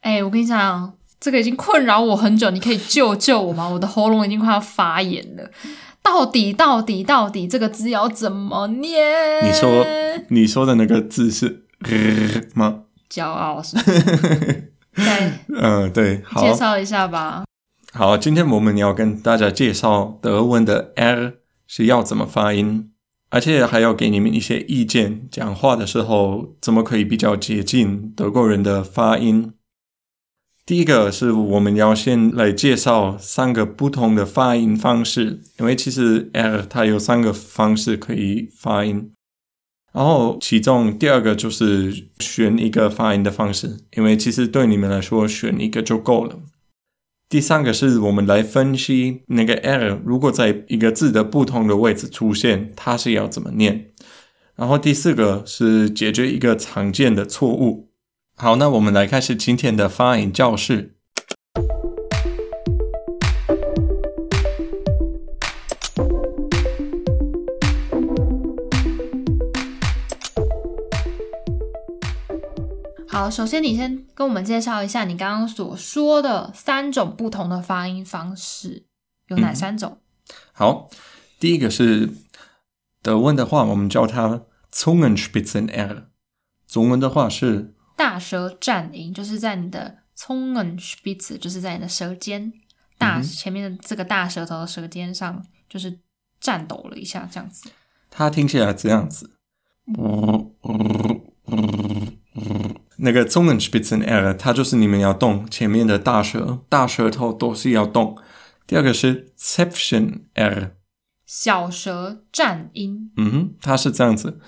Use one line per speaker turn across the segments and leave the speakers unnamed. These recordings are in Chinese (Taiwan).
哎，我跟你講，這個已經困擾我很久，你可以救救我嗎？我的喉嚨已經快要發炎了。到底到底到底，這個字要怎麼念？
你說，你說的那個字是“呃”嗎？
驕傲是，是。
對， 嗯，對，好介
紹一下吧。
好，今天我們要跟大家介紹德文的 R 是要怎麼發音。而且還要給你們一些意見。講話的時候怎麼可以比較接近德國人的發音？第一個是，我們要先來介紹三個不同的發音方式，因為其實 R 它有三個方式可以發音。然後，其中第二個就是選一個發音的方式，因為其實對你們來說，選一個就夠了。第三個是我們來分析那個 R 如果在一個字的不同的位置出現，它是要怎麼念。然後第四個是解決一個常見的錯誤。好，那我們來開始今天的發音教室。
首先，你先跟我們介紹一下你剛剛所說的三種不同的發音方式，
有哪三種？嗯、好，第一個是德文的話，我們叫它 Zungenspitzen-R，中文的話是
大舌顫音，就是在你的 “Zungenspitze” 就是在你的舌尖大前面的這個大舌頭的舌尖上，嗯、就是顫抖了一下，這樣子。
它聽起來這樣子。
嗯
那個 Zungenspitzen-R，它就是你們要動前面的大舌、大舌頭都是要動。第二個是 Zäpfchen-R，
小舌顫音。嗯
哼，它是這樣子。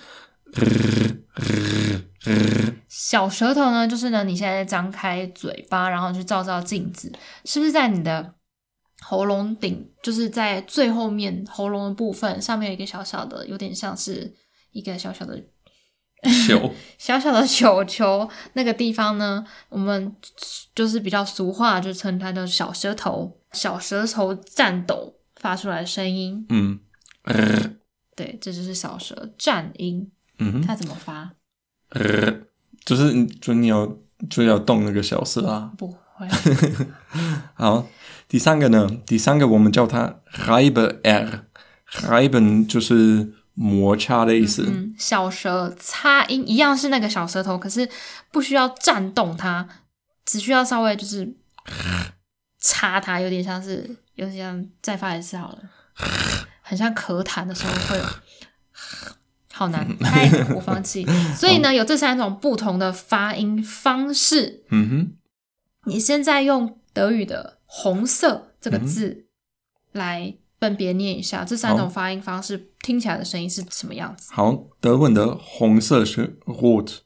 小舌頭呢，就是呢，你現在張開嘴巴，然後去照照鏡子，是不是在你的喉嚨頂，就是在最後面喉嚨的部分上面有一個小小的，有點像是一個小小的。球 小小的球球，那個地方呢，我們就是比較俗話，就稱它叫小舌頭、小舌頭顫抖發出來的聲音。
嗯，呃、
對，這就是小舌顫音。嗯，它怎麼發？
呃、就是就你要就要動那個小舌啊，不，不
會。
好，第三個呢，第三個我們叫它 reiben，R，reiben 就是。摩擦的意思，嗯嗯、
小舌擦音一樣是那個小舌頭，可是不需要顫動它，只需要稍微就是 擦它，有點像是有點像再發一次好了， 很像咳痰的時候會， 好難， 我放棄。 所以呢，有這三種不同的發音方式。嗯
哼，
你現在用德語的“紅色”這個字來。分別念一下這三種發音方式聽起來的聲音是什麼樣子？
好，德文的紅色是 rot。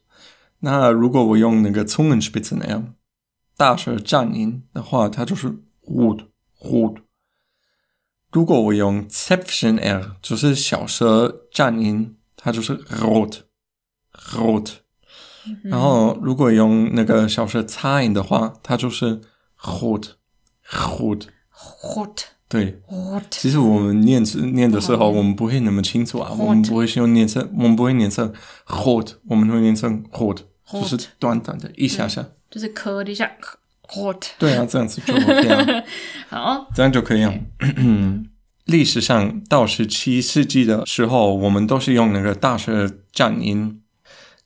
那如果我用那個 Zungenspitzen-R 大舌顫音的話，它就是 rot rot。如果我用 Zäpfchen-R 就是小舌顫音，它就是 rot rot。然後如果用那個小舌擦音的話，它就是 rot rot、嗯、是 rot, rot。
Hot.
對，hot. 其實我們念字念的時候，我們不會那麼清楚啊，hot. 我們不會是用念成，我們不會念成 hot，我們會念成 hot，, hot. 就是短短的一下下，嗯、
就是咳一下 hot。對啊，這樣子就、OK 啊、
好，這樣就可以啊、okay. 歷史上到十七世紀的時候，我們都是用那個大舌顫音，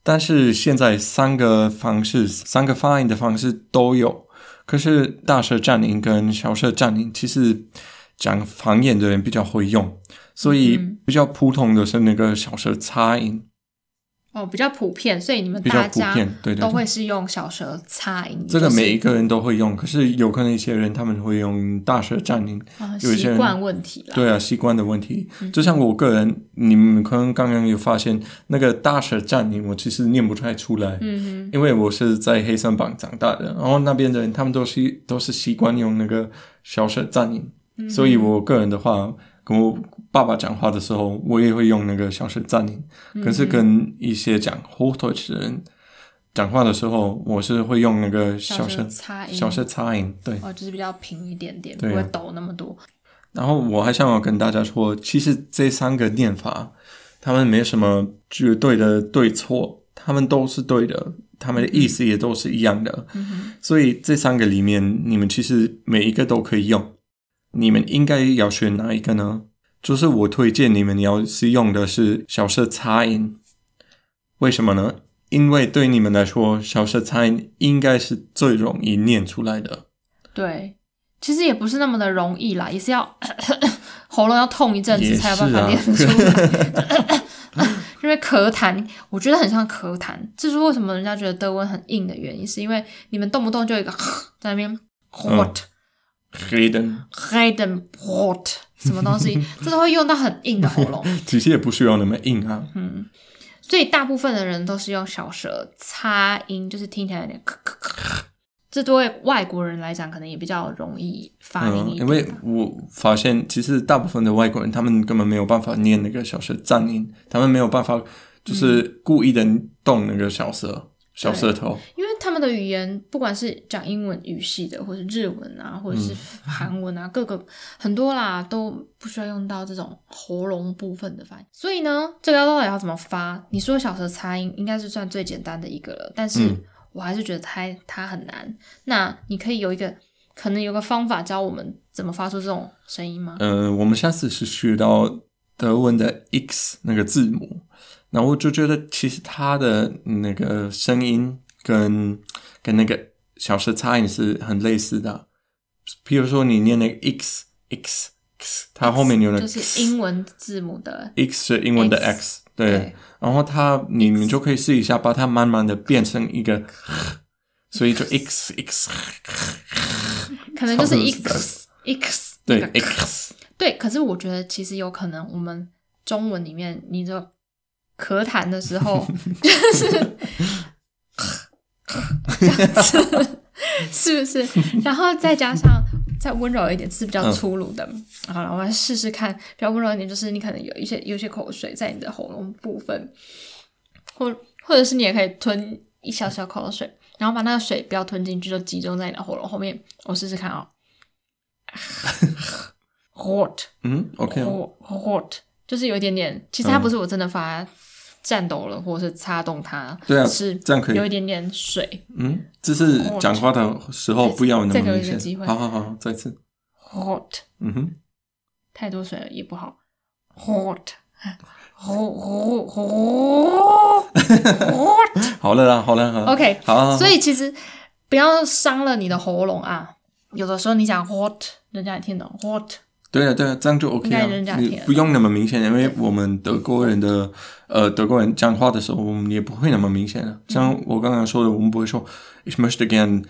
但是現在三個方式，三個發音的方式都有。可是大舌顫音跟小舌顫音，其實講方言的人比較會用，所以比較普通的是那個小舌擦音。嗯嗯
哦、比較普遍，所以你們大家對對對，都會是用小舌擦音。這個每一個
人都會用、就是，可是有可能一些人他們會用大舌顫音，有一些習慣問題。對啊，習慣的問題、嗯。就像我個人，你們可能剛剛有發現那個大舌顫音，我其實念不太出來。嗯、因為我是在黑森邦長大的，然後那邊的人他們都是都是習慣用那個小舌顫音，所以我個人的話。跟我爸爸講話的時候，我也會用那個小舌顫音。可是跟一些講 Hochdeutsch 的人講話的時候，我是會用那個小舌擦小舌擦音，音。對，哦，
就是比較平一點點，不會抖那麼多。
然後我還想要跟大家說，其實這三個唸法，他們沒什麼絕對的對錯，他們都是對的，他們的意思也都是一樣的、嗯嗯。所以這三個裡面，你們其實每一個都可以用。你們應該要選哪一個呢？就是我推薦你們要是用的是小舌擦音，為什麼呢？因為對你們來說，小舌擦音應該是最容易念出來的。
對，其實也不是那麼的容易啦，也是要咳咳咳喉嚨要痛一陣子才有辦法念出來。啊、 因為咳痰，我覺得很像咳痰，這是為什麼人家覺得德文很硬的原因，是因為你們動不動就一個在那邊 what、
嗯黑的
黑的，什麼東西？ 這都會用到很硬的喉嚨。
其實也不需要那麼硬啊。嗯，
所以大部分的人都是用小舌擦音，就是聽起來有點咳咳咳。這對外國人來講，可能也比較容易發音啊。嗯，因為
我發現，其實大部分的外國人，他們根本沒有辦法念那個小舌顫音，他們沒有辦法就是故意的動那個小舌、嗯、小舌頭，因
為。的語言，不管是講英文語系的，或是日文啊，或者是韓文啊，嗯、各個很多啦，都不需要用到這種喉嚨部分的發音。所以呢，這個要到底要怎麼發？你說小舌擦音應該是算最簡單的一個了，但是我還是覺得它、嗯、它很難。那你可以有一個，可能有個方法教我們怎麼發出這種聲音嗎？
呃，我們下次是學到德文的 X 那個字母，那我就覺得其實它的那個聲音、嗯。跟跟那個小時差也是很類似的，比如說你念那個 x x x，, x 它後面有的就是英
文字母的 x,
x, x 是英文的 x，, x 對，對，然後它你們就可以試一下，把它慢慢的變成一個，x, 所以就 x, x x，可能就是 x x, x, x, x 對 x, x
對，可是我覺得其實有可能我們中文裡面，你就咳痰的時候就是。 這樣子笑是不是？然後再加上再溫柔一點，是比較粗魯的。嗯、好了，然後我來試試看，比較溫柔一點，就是你可能有一些有一些口水在你的喉嚨部分，或或者是你也可以吞一小小口水，然後把那個水不要吞進去，就集中在你的喉嚨後面。我試試看啊、哦、 ，hot，嗯，OK，hot，okay. 就是有一點點，其實它不是我真的發。嗯顫抖了，或者是擦動它，對啊，是這樣可以，有一點點水，
嗯，這是講話的時候不要那麼、嗯、再麼、這個、一個機會好好好，再次
，hot，嗯哼，太多水了也不好，hot，hot，hot，
好了啦，好了，好了，OK，好，好，好，所以其
實不要傷了你的喉嚨啊，有的時候你講 hot，人家也聽得 hot。
對啊，對啊，這樣就 OK 啊，你不用那麼明顯，因為我們德國人的，呃，德國人講話的時候，我們也不會那麼明顯的。像我剛剛說的，我們不會說 Ich möchte gern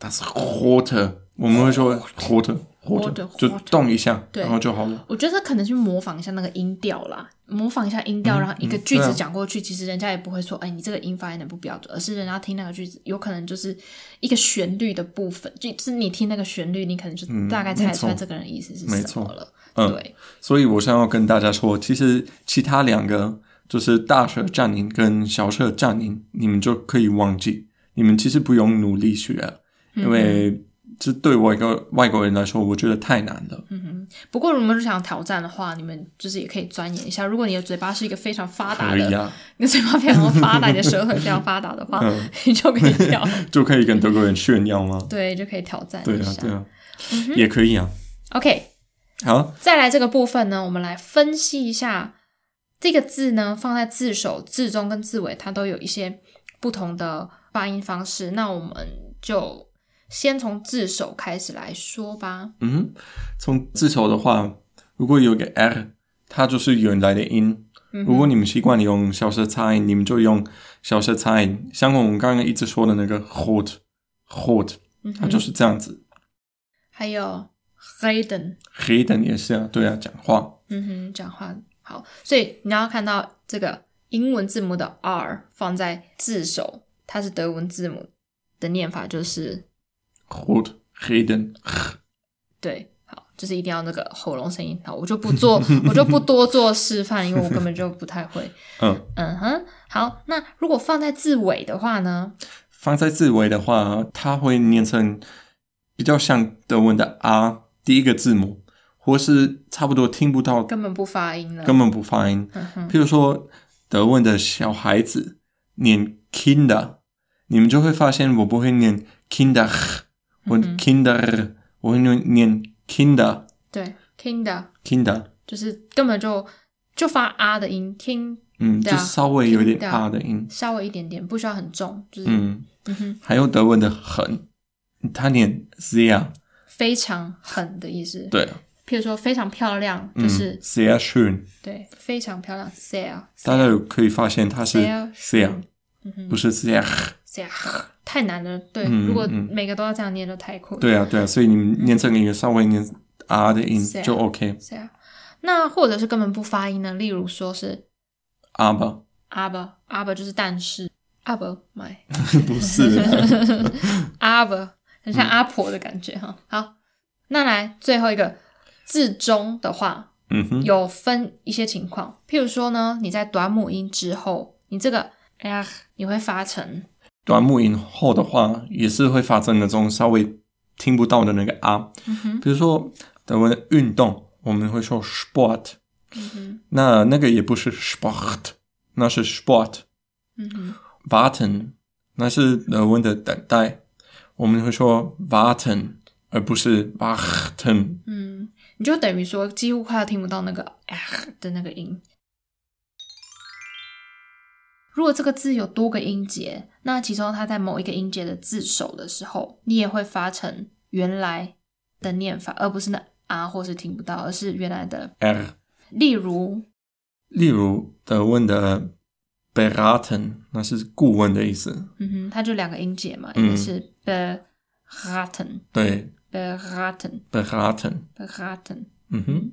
das rote，r 我們會說 rote。r、嗯或者就動一下，然後就好了。
我覺得可能去模仿一下那個音調啦，模仿一下音調、嗯，然後一個句子講過去，嗯、其實人家也不會說，嗯、哎，哎，你這個音發音的不標準，而是人家聽那個句子，有可能就是一個旋律的部分，就、就是你聽那個旋律，你可能就大概猜出來這個人意思是什麼了。嗯、沒錯
對、嗯，所以我想要跟大家說，其實其他兩個就是大舌顫音跟小舌顫音、嗯，你們就可以忘記，你們其實不用努力學，嗯、因為。這對我一個外國人來說，我覺得太難了。嗯哼，
不過如果想挑戰的話，你們就是也可以鑽研一下。如果你的嘴巴是一個非常發達的，可以啊、你的嘴巴非常發達， 你的舌頭非常發達的話， 你就可以挑，
就可以跟德國人炫耀嗎？
對，就可以挑戰一下，
對啊，對啊，嗯，也可以啊。OK，好啊，
再來這個部分呢，我們來分析一下這個字呢，放在字首、字中跟字尾，它都有一些不同的發音方式。那我們就。先從字首開始來說吧。嗯，
從字首的話，如果有個 r，它就是原來的音。嗯、如果你們習慣用小舌擦音，你們就用小舌擦音。像我們剛剛一直說的那個 rot，rot、嗯、它就是這樣子。
還有 reden，reden
也是啊，對啊，講話。
嗯哼，講話好。所以你要看到這個英文字母的 r 放在字首，它是德文字母的念法就是。對，好，就是一定要那個喉嚨聲音。好，我就不做， 我就不多做示範，因為我根本就不太會。 嗯嗯哼，好，那如果放在字尾的話呢？
放在字尾的話，它會念成比較像德文的 “a” 第一個字母，或是差不多聽不到，根
本不發音
了，根本不發音。Uh-huh. 譬如說德文的小孩子念 “Kinder”，你們就會發現我不會念 “Kinder”。我 Kinder，我用念 Kinder，
對，Kinder，Kinder，就是根本就就發啊的音 Kinder，kinder，
嗯，就稍微有點啊的音，
稍微一點點，不需要很重，就是，嗯，嗯哼，
還有德文的很，他念 sehr
非常狠的意思，對，譬如說非常漂亮就
是 sehr schön，
對，非常漂亮 sehr，
大家有可以發現它是 sehr 不是 sehr
這樣太難了，對、嗯，如果每個都要這樣念就太苦了、嗯。對啊，
對啊，所以你們念這個音、嗯、稍微念 r、啊、的音就 OK。這
樣，那或者是根本不發音呢？例如說是阿伯，阿伯阿伯就是但是阿伯，my
不是啦
阿伯，很像阿婆的感覺哈、嗯。好，那來最後一個字中的話，嗯哼，有分一些情況，譬如說呢，你在短母音之後，你這個哎呀，你會發成。
短母音後的話、嗯，也是會發生那種稍微聽不到的那個啊、嗯。比如說德文的運動，我們會說 sport，、嗯、那那個也不是 sport，那是 sport、嗯。warten，那是德文的等待，我們會說 warten，而不是 warten。嗯，
你就等於說幾乎快要聽不到那個啊的那個音。如果這個字有多個音節，那其中它在某一個音節的字首的時候，你也會發成原來的念法，而不是那啊，或是聽不到，而是原來的。R、例如，
例如德文的 beraten，那是顧問的意思、嗯。
它就兩個音節嘛，一個是 beraten，、嗯、對，beraten，beraten，beraten。Beraten, beraten, beraten, beraten beraten 嗯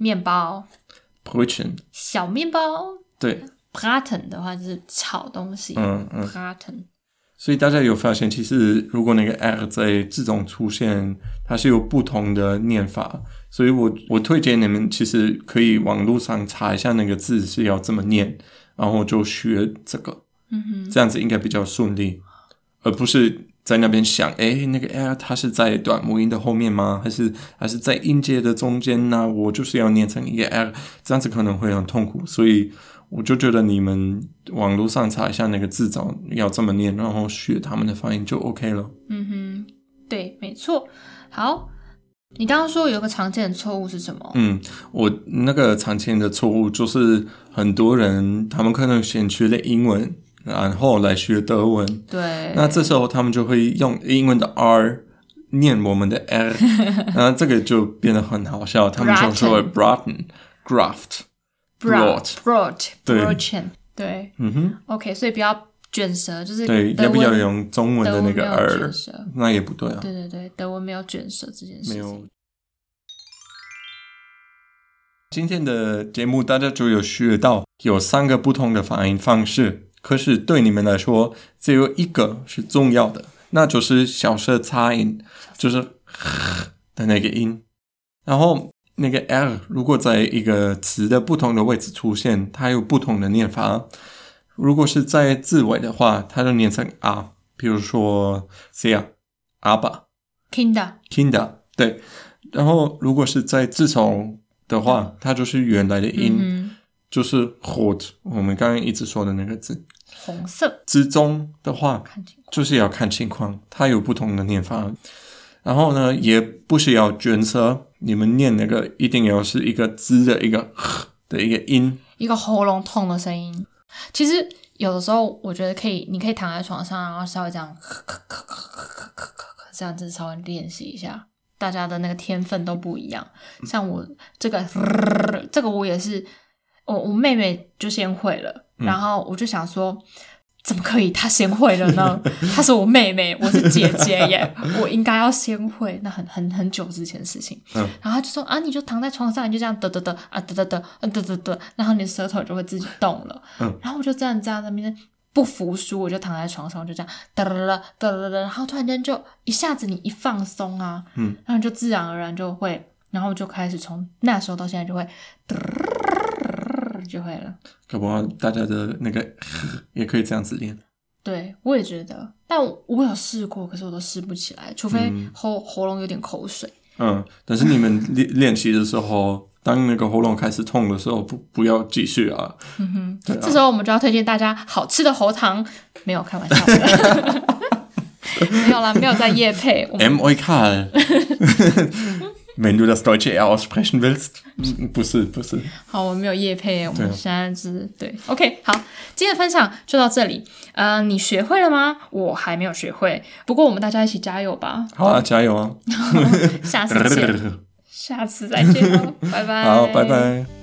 麵包，Brötchen，小麵包，Brötchen, 包對 Braten 的話就是炒東西，嗯嗯 Braten
所以大家有發現，其實如果那個 R 在字中出現，它是有不同的念法。所以我我推薦你們其實可以網絡上查一下那個字是要怎麼念，然後就學這個，嗯哼，這樣子應該比較順利，而不是。在那邊想，哎、欸，那個 R 它是在短母音的後面嗎？還是還是在音節的中間呢、啊？我就是要念成一個 R，這樣子可能會很痛苦，所以我就覺得你們網絡上查一下那個字怎麼要這麼念，然後學他們的發音就 OK 了。嗯哼，
對，沒錯。好，你剛剛說有個常見的錯誤是什麼？嗯，
我那個常見的錯誤就是很多人他們可能先學了英文。然後來學德文，對。那這時候他們就會用英文的 R 念我們的 L，那 這個就變得很好笑。 他們就說了 Broten, Graft, Brought, Brought, Brochen。
對，嗯哼，OK，所以不要卷舌，就是對。要不要用中文的那個 R？卷舌那也不對啊。對對對，德文沒有卷舌
這件事情。沒有。今天的節目大家就有學到，有三個不同的發音方式。可是對你們來說，只有一個是重要的，那就是小舌擦音，就是“的”那個音。然後那個 “R” 如果在一個詞的不同的位置出現，它有不同的念法。如果是在字尾的話，它就念成 “r”，比如說 “chair”、“rba” “Kinder”、“Kinder”，對。然後如果是在字首的話，它就是原來的音，嗯、就是 “hot”，我們剛剛一直說的那個字。紅色之中的話看情況，就是要看情況，它有不同的念法。然後呢，也不需要卷舌，你們念那個，一定要是一個滋的一個“呵”的一個音，
一個喉嚨痛的聲音。其實有的時候，我覺得可以，你可以躺在床上，然後稍微這樣咳咳咳咳咳咳咳， 這樣子稍微練習一下。大家的那個天分都不一樣，像我這個，嗯、這個我也是，我我妹妹就先會了。嗯、然後我就想說，怎麼可以他先會了呢？ 他是我妹妹，我是姐姐耶，我應該要先會。那很很很久之前的事情，嗯、然後就說啊，你就躺在床上，你就這樣得得得啊，得得得、啊、得得得，然後你的舌頭就會自己動了。嗯、然後我就這樣子在那邊不服輸，我就躺在床上，就這樣得得得、得，然後突然間就一下子你一放鬆啊，嗯，然後就自然而然就會，然後就開始從那時候到現在就會。得得得，嗯就會了，
可不可、啊，大家的那個也可以這樣子練。
對，我也覺得，但我，我有試過，可是我都試不起來，除非喉、嗯、喉嚨有點口
水。嗯，但是你們練練習的時候， 當那個喉嚨開始痛的時候，不不要繼續啊、嗯、哼啊。這時
候我們就要推薦大家好吃的喉糖，沒有開玩笑， 沒有啦，沒有在業配。 M O I KAL
Willst, 不是不是
好，我們沒有業配，我們現在就是對，對，OK，好，今天的分享就到這裡，呃、uh,，你學會了嗎？我還沒有學會，不過我們大家一起加油吧！
好，okay. 加油啊！下次見 下次再見，
下次再見，拜拜，好，拜拜。